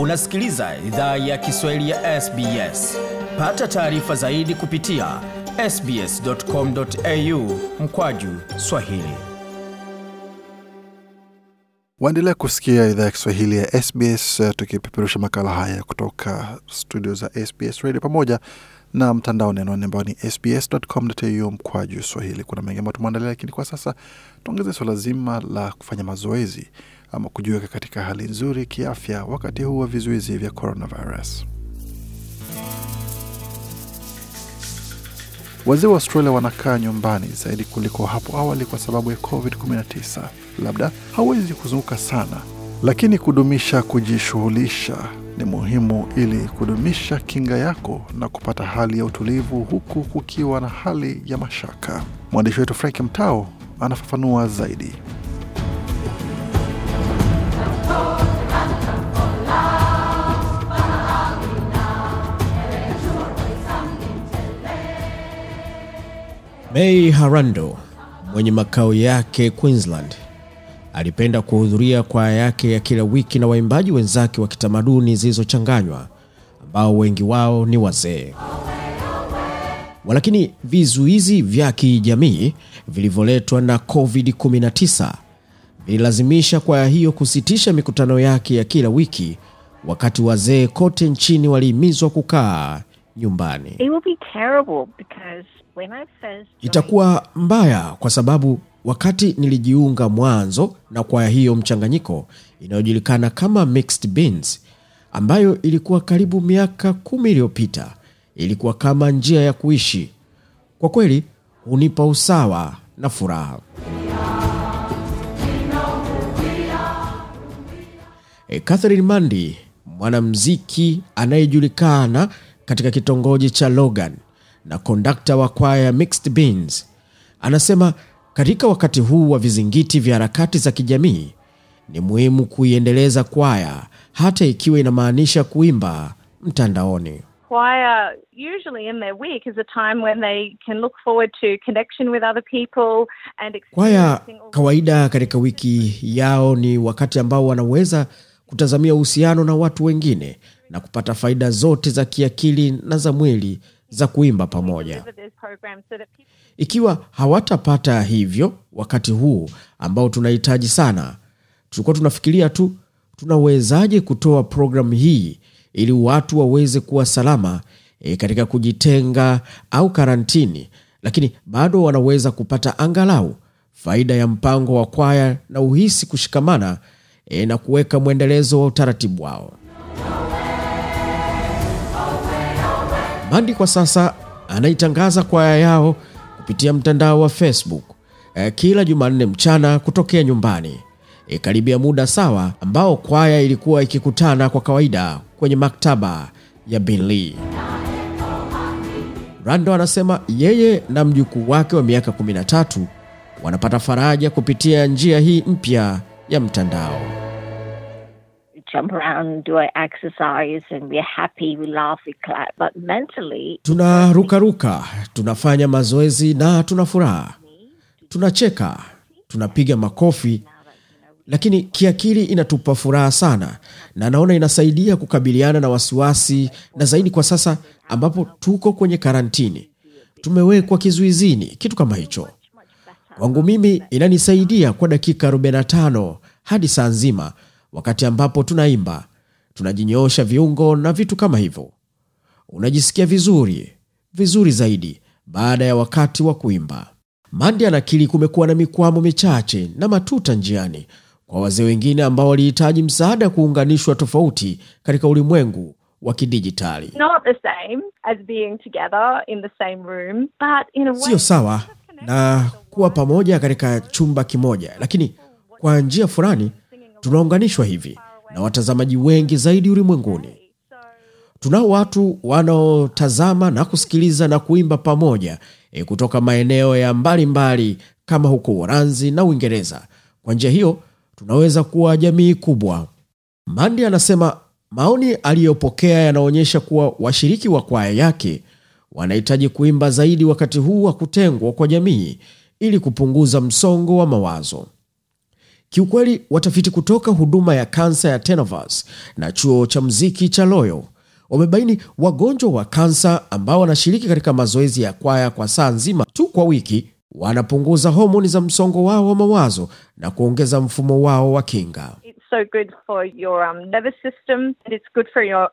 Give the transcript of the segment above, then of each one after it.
Unasikiliza idhaa ya Kiswahili ya SBS. Pata taarifa zaidi kupitia sbs.com.au mkwaju swahili. Waendelea kusikia idhaa ya Kiswahili ya SBS eh, tukipeperusha makala haya kutoka studio za SBS Radio pamoja na mtandao nenoni ambao ni sbs.com.au mkwaju swahili. Kuna mengi ambayo tumeandalia, lakini kwa sasa tuongeze swala zima la kufanya mazoezi ama kujiweka katika hali nzuri kiafya wakati huu wa vizuizi vya coronavirus. Wazee wa Australia wanakaa nyumbani zaidi kuliko hapo awali kwa sababu ya COVID-19. Labda hawezi kuzunguka sana, lakini kudumisha kujishughulisha ni muhimu ili kudumisha kinga yako na kupata hali ya utulivu huku kukiwa na hali ya mashaka. Mwandishi wetu Frank Mtao anafafanua zaidi. May Harando mwenye makao yake Queensland alipenda kuhudhuria kwaya yake ya kila wiki na waimbaji wenzake wa kitamaduni zilizochanganywa ambao wengi wao ni wazee. Walakini vizuizi vya kijamii vilivyoletwa na COVID-19 vililazimisha kwaya hiyo kusitisha mikutano yake ya kila wiki, wakati wazee kote nchini walihimizwa kukaa nyumbani. It will be terrible because when I first itakuwa mbaya kwa sababu wakati nilijiunga mwanzo na kwa hiyo mchanganyiko inayojulikana kama mixed beans ambayo ilikuwa karibu miaka kumi iliyopita, ilikuwa kama njia ya kuishi. Kwa kweli hunipa usawa na furaha. E, Catherine Mandi mwanamziki anayejulikana katika kitongoji cha Logan na kondakta wa kwaya Mixed Beans anasema katika wakati huu wa vizingiti vya harakati za kijamii ni muhimu kuiendeleza kwaya hata ikiwa inamaanisha kuimba mtandaoni. Choir usually in their week is a time when they can look forward to connection with other people and kwaya kawaida katika wiki yao ni wakati ambao wanaweza kutazamia uhusiano na watu wengine na kupata faida zote za kiakili na za mwili za kuimba pamoja. Ikiwa hawatapata hivyo wakati huu ambao tunahitaji sana, tulikuwa tunafikiria tu tunawezaje kutoa programu hii ili watu waweze kuwa salama e, katika kujitenga au karantini, lakini bado wanaweza kupata angalau faida ya mpango wa kwaya na uhisi kushikamana e, na kuweka mwendelezo wa utaratibu wao. Bandi kwa sasa anaitangaza kwaya yao kupitia mtandao wa Facebook e, kila Jumanne mchana kutokea nyumbani e, karibia muda sawa ambao kwaya ilikuwa ikikutana kwa kawaida kwenye maktaba ya Binlii. Rando anasema yeye na mjukuu wake wa miaka 13 wanapata faraja kupitia njia hii mpya ya mtandao. tunarukaruka, tunafanya mazoezi na tuna furaha, tunacheka, tunapiga makofi, lakini kiakili inatupa furaha sana, na naona inasaidia kukabiliana na wasiwasi, na zaidi kwa sasa ambapo tuko kwenye karantini, tumewekwa kizuizini, kitu kama hicho. Kwangu mimi inanisaidia kwa dakika 45 hadi saa nzima, wakati ambapo tunaimba, tunajinyoosha viungo na vitu kama hivyo. Unajisikia vizuri vizuri zaidi baada ya wakati wa kuimba. Mandi anakiri kumekuwa na mikwamo michache na matuta njiani kwa wazee wengine ambao walihitaji msaada kuunganishwa tofauti katika ulimwengu wa kidijitali. Sio sawa na kuwa pamoja katika chumba kimoja, lakini kwa njia fulani tunaunganishwa hivi na watazamaji wengi zaidi ulimwenguni. Tunao watu wanaotazama na kusikiliza na kuimba pamoja e, kutoka maeneo ya mbalimbali mbali, kama huko Uholanzi na Uingereza. Kwa njia hiyo tunaweza kuwa jamii kubwa. Mandi anasema maoni aliyopokea yanaonyesha kuwa washiriki wa kwaya yake wanahitaji kuimba zaidi wakati huu wa kutengwa kwa jamii ili kupunguza msongo wa mawazo. Kiukweli, watafiti kutoka huduma ya kansa ya Tenovas na chuo cha mziki cha Loyo wamebaini wagonjwa wa kansa ambao wanashiriki katika mazoezi ya kwaya kwa saa nzima tu kwa wiki wanapunguza homoni za msongo wao wa mawazo na kuongeza mfumo wao wa kinga.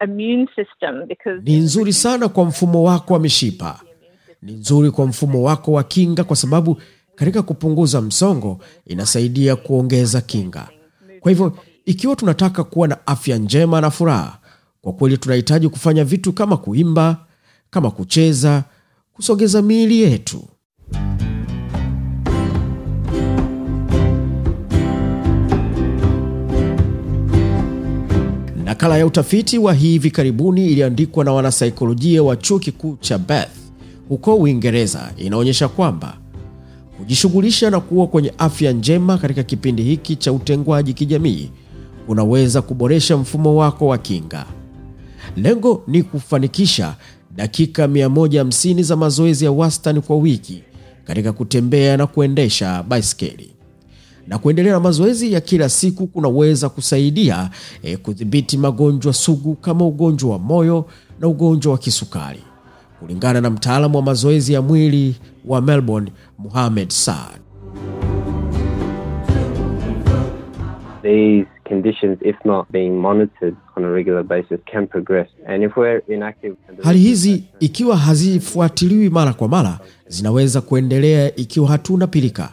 Um, ni nzuri sana kwa mfumo wako wa mishipa, ni nzuri kwa mfumo wako wa kinga, kwa sababu katika kupunguza msongo inasaidia kuongeza kinga. Kwa hivyo, ikiwa tunataka kuwa na afya njema na furaha, kwa kweli tunahitaji kufanya vitu kama kuimba, kama kucheza, kusogeza miili yetu. Nakala ya utafiti wa hivi karibuni iliyoandikwa na wanasaikolojia wa chuo kikuu cha Bath huko Uingereza inaonyesha kwamba Kujishughulisha na kuwa kwenye afya njema katika kipindi hiki cha utengwaji kijamii unaweza kuboresha mfumo wako wa kinga. Lengo ni kufanikisha dakika 150 za mazoezi ya wastani kwa wiki katika kutembea na kuendesha baiskeli. Na kuendelea na mazoezi ya kila siku kunaweza kusaidia e, kudhibiti magonjwa sugu kama ugonjwa wa moyo na ugonjwa wa kisukari kulingana na mtaalamu wa mazoezi ya mwili wa Melbourne, Mohamed Saad. These conditions if not being monitored on a regular basis can progress and if we're inactive. Hali hizi ikiwa hazifuatiliwi mara kwa mara zinaweza kuendelea ikiwa hatuna pilika.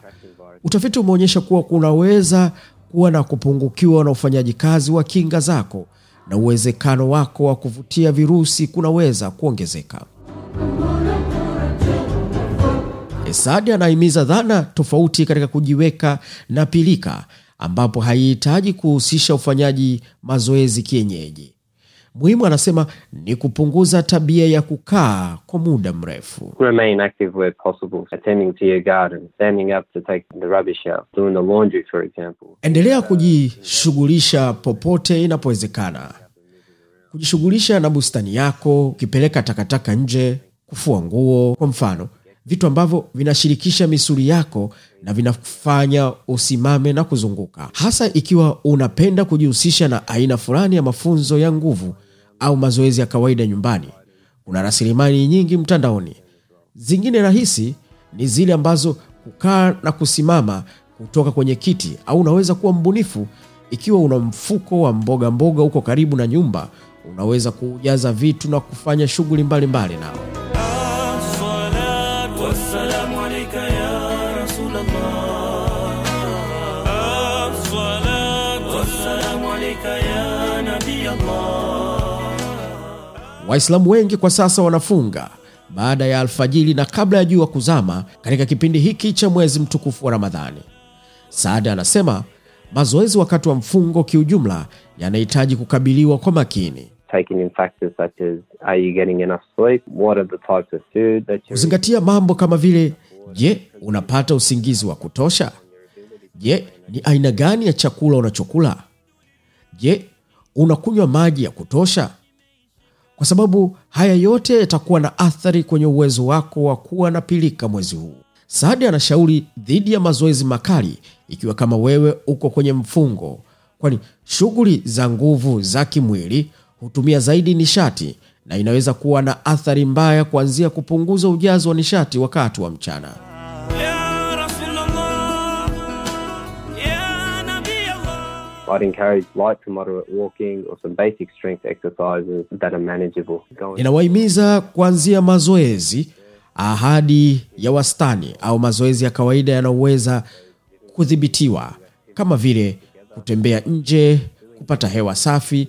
Utafiti umeonyesha kuwa kunaweza kuwa na kupungukiwa na ufanyaji kazi wa kinga zako na uwezekano wako wa kuvutia virusi kunaweza kuongezeka esadi anahimiza dhana tofauti katika kujiweka na pilika, ambapo haihitaji kuhusisha ufanyaji mazoezi kienyeji. Muhimu anasema ni kupunguza tabia ya kukaa kwa muda mrefu. Endelea kujishughulisha popote inapowezekana, kujishughulisha na bustani yako, ukipeleka takataka nje, kufua nguo kwa mfano, vitu ambavyo vinashirikisha misuli yako na vinafanya usimame na kuzunguka, hasa ikiwa unapenda kujihusisha na aina fulani ya mafunzo ya nguvu au mazoezi ya kawaida nyumbani. Kuna rasilimali nyingi mtandaoni. Zingine rahisi ni zile ambazo kukaa na kusimama kutoka kwenye kiti, au unaweza kuwa mbunifu ikiwa una mfuko wa mboga mboga uko karibu na nyumba unaweza kuujaza vitu na kufanya shughuli mbalimbali nao waislamu wengi kwa sasa wanafunga baada ya alfajiri na kabla ya jua kuzama katika kipindi hiki cha mwezi mtukufu wa ramadhani saada anasema Mazoezi wakati wa mfungo kiujumla yanahitaji kukabiliwa kwa makini kuzingatia mambo kama vile: je, unapata usingizi wa kutosha? Je, ni aina gani ya chakula unachokula? Je, unakunywa maji ya kutosha? Kwa sababu haya yote yatakuwa na athari kwenye uwezo wako wa kuwa na pilika mwezi huu. Saadi anashauri dhidi ya mazoezi makali ikiwa kama wewe uko kwenye mfungo, kwani shughuli za nguvu za kimwili hutumia zaidi nishati na inaweza kuwa na athari mbaya, kuanzia kupunguza ujazo wa nishati wakati wa mchana. Ninawahimiza kuanzia mazoezi Ahadi ya wastani au mazoezi ya kawaida yanaweza kudhibitiwa kama vile kutembea nje, kupata hewa safi,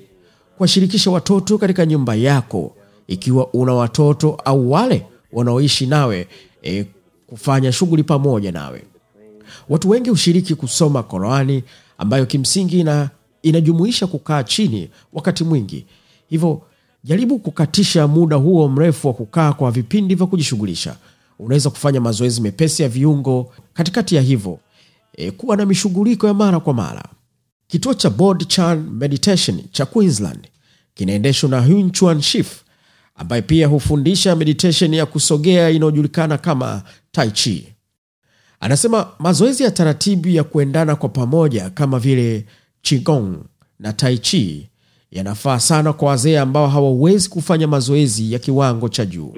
kuwashirikisha watoto katika nyumba yako ikiwa una watoto au wale wanaoishi nawe e, kufanya shughuli pamoja nawe. Watu wengi hushiriki kusoma Korani ambayo kimsingi ina, inajumuisha kukaa chini wakati mwingi. Hivyo Jaribu kukatisha muda huo mrefu wa kukaa kwa vipindi vya kujishughulisha. Unaweza kufanya mazoezi mepesi ya viungo katikati ya hivyo. E, kuwa na mishughuliko ya mara kwa mara. Kituo cha Bod Chan Meditation cha Queensland kinaendeshwa na hunchuan Shif ambaye pia hufundisha meditation ya kusogea inayojulikana kama taichi Anasema mazoezi ya taratibu ya kuendana kwa pamoja kama vile chigong na taichi Chi yanafaa sana kwa wazee ambao hawawezi kufanya mazoezi ya kiwango cha juu.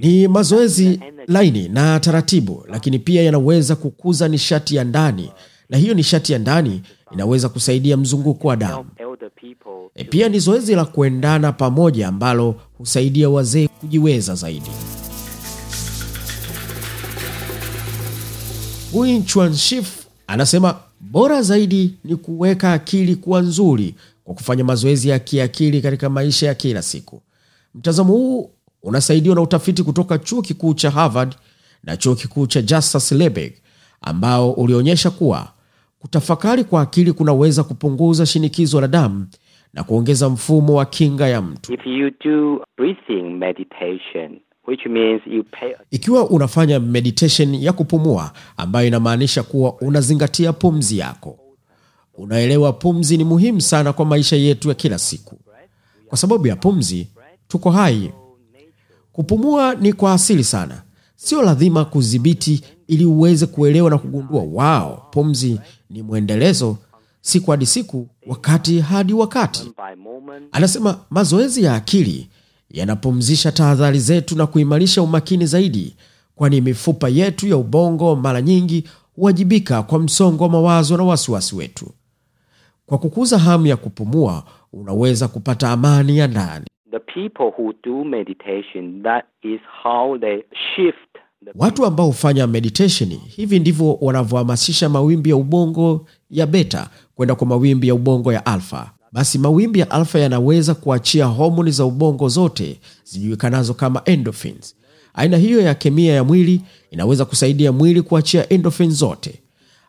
Ni mazoezi laini na taratibu, lakini pia yanaweza kukuza nishati ya ndani, na hiyo nishati ya ndani inaweza kusaidia mzunguko wa damu. E, pia ni zoezi la kuendana pamoja ambalo husaidia wazee kujiweza zaidi. Wing Chun Anasema bora zaidi ni kuweka akili kuwa nzuri kwa kufanya mazoezi ya kiakili katika maisha ya kila siku. Mtazamo huu unasaidiwa na utafiti kutoka chuo kikuu cha Harvard na chuo kikuu cha Justus lebeg ambao ulionyesha kuwa kutafakari kwa akili kunaweza kupunguza shinikizo la damu na kuongeza mfumo wa kinga ya mtu. If you do breathing meditation, Which means you pay... Ikiwa unafanya meditation ya kupumua ambayo inamaanisha kuwa unazingatia pumzi yako. Unaelewa, pumzi ni muhimu sana kwa maisha yetu ya kila siku. Kwa sababu ya pumzi tuko hai. Kupumua ni kwa asili sana, sio lazima kudhibiti ili uweze kuelewa na kugundua, wao, pumzi ni mwendelezo, siku hadi siku, wakati hadi wakati. Anasema mazoezi ya akili yanapumzisha tahadhari zetu na kuimarisha umakini zaidi, kwani mifupa yetu ya ubongo mara nyingi huwajibika kwa msongo wa mawazo na wasiwasi wetu. Kwa kukuza hamu ya kupumua, unaweza kupata amani ya ndani. Watu ambao hufanya meditation, hivi ndivyo wanavyohamasisha mawimbi ya ubongo ya beta kwenda kwa mawimbi ya ubongo ya alfa basi mawimbi ya alfa yanaweza kuachia homoni za ubongo zote zijulikanazo kama endorphins. Aina hiyo ya kemia ya mwili inaweza kusaidia mwili kuachia endorphins zote.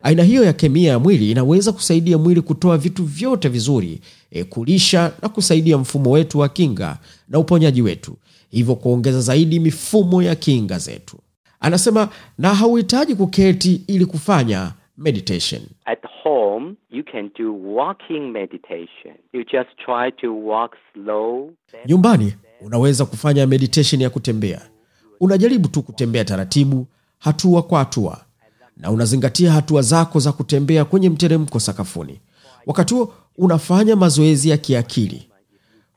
Aina hiyo ya kemia ya mwili inaweza kusaidia mwili kutoa vitu vyote vizuri, e, kulisha na kusaidia mfumo wetu wa kinga na uponyaji wetu, hivyo kuongeza zaidi mifumo ya kinga zetu. Anasema na hauhitaji kuketi ili kufanya meditation. At home, you can do walking meditation. You just try to walk slow. Nyumbani unaweza kufanya meditation ya kutembea. Unajaribu tu kutembea taratibu, hatua kwa hatua, na unazingatia hatua zako za kutembea kwenye mteremko sakafuni. Wakati huo unafanya mazoezi ya kiakili.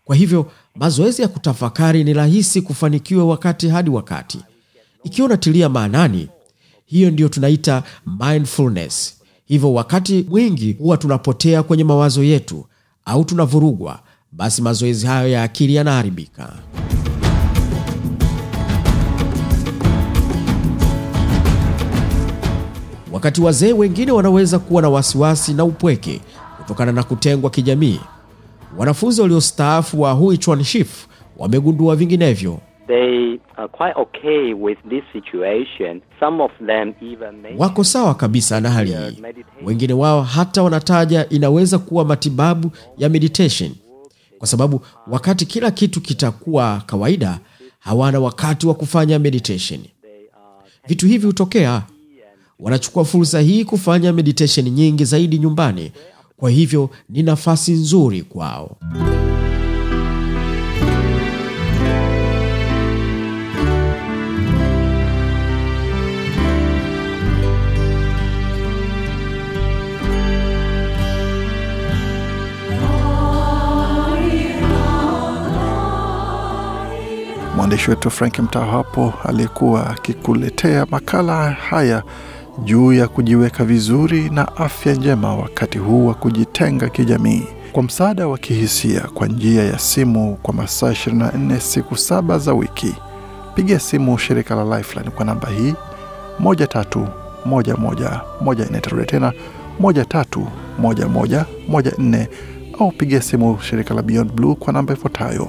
Kwa hivyo mazoezi ya kutafakari ni rahisi kufanikiwa wakati hadi wakati, ikiwa unatilia maanani hiyo ndiyo tunaita mindfulness. Hivyo wakati mwingi huwa tunapotea kwenye mawazo yetu au tunavurugwa, basi mazoezi hayo ya akili yanaharibika. Wakati wazee wengine wanaweza kuwa na wasiwasi na upweke kutokana na kutengwa kijamii, wanafunzi waliostaafu wa huichwanshif wamegundua vinginevyo they are quite okay with this situation. Some of them even make... wako sawa kabisa na hali hii. Wengine wao hata wanataja inaweza kuwa matibabu ya meditation, kwa sababu wakati kila kitu kitakuwa kawaida, hawana wakati wa kufanya meditation. Vitu hivi hutokea. Wanachukua fursa hii kufanya meditation nyingi zaidi nyumbani, kwa hivyo ni nafasi nzuri kwao. mwandishi wetu Frank Mtao hapo aliyekuwa akikuletea makala haya juu ya kujiweka vizuri na afya njema wakati huu wa kujitenga kijamii kwa msaada wa kihisia kwa njia ya simu kwa masaa 24 siku saba za wiki. Piga simu shirika la Lifeline kwa namba hii 131114, tarudia tena 131114, au piga simu shirika la Beyond Blue kwa namba ifuatayo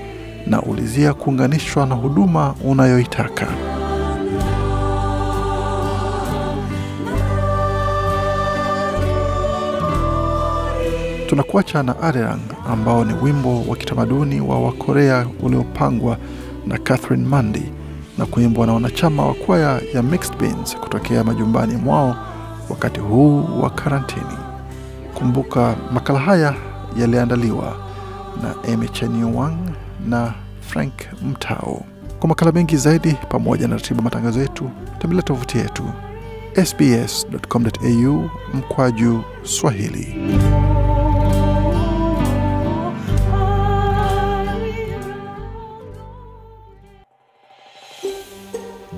na ulizia kuunganishwa na huduma unayoitaka. Tunakuacha na Arirang ambao ni wimbo wa kitamaduni wa Wakorea uliopangwa na Catherine mandy na kuimbwa na wanachama wa kwaya ya Mixed Beans kutokea majumbani mwao wakati huu wa karantini. Kumbuka makala haya yaliandaliwa na Emy Chenyu Wang na Frank Mtao. Kwa makala mengi zaidi, pamoja na ratiba matangazo yetu, tembelea tovuti yetu sbs.com.au mkwaju Swahili.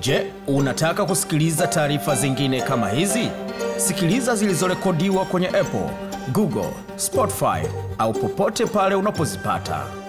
Je, unataka kusikiliza taarifa zingine kama hizi? Sikiliza zilizorekodiwa kwenye Apple, Google, Spotify au popote pale unapozipata.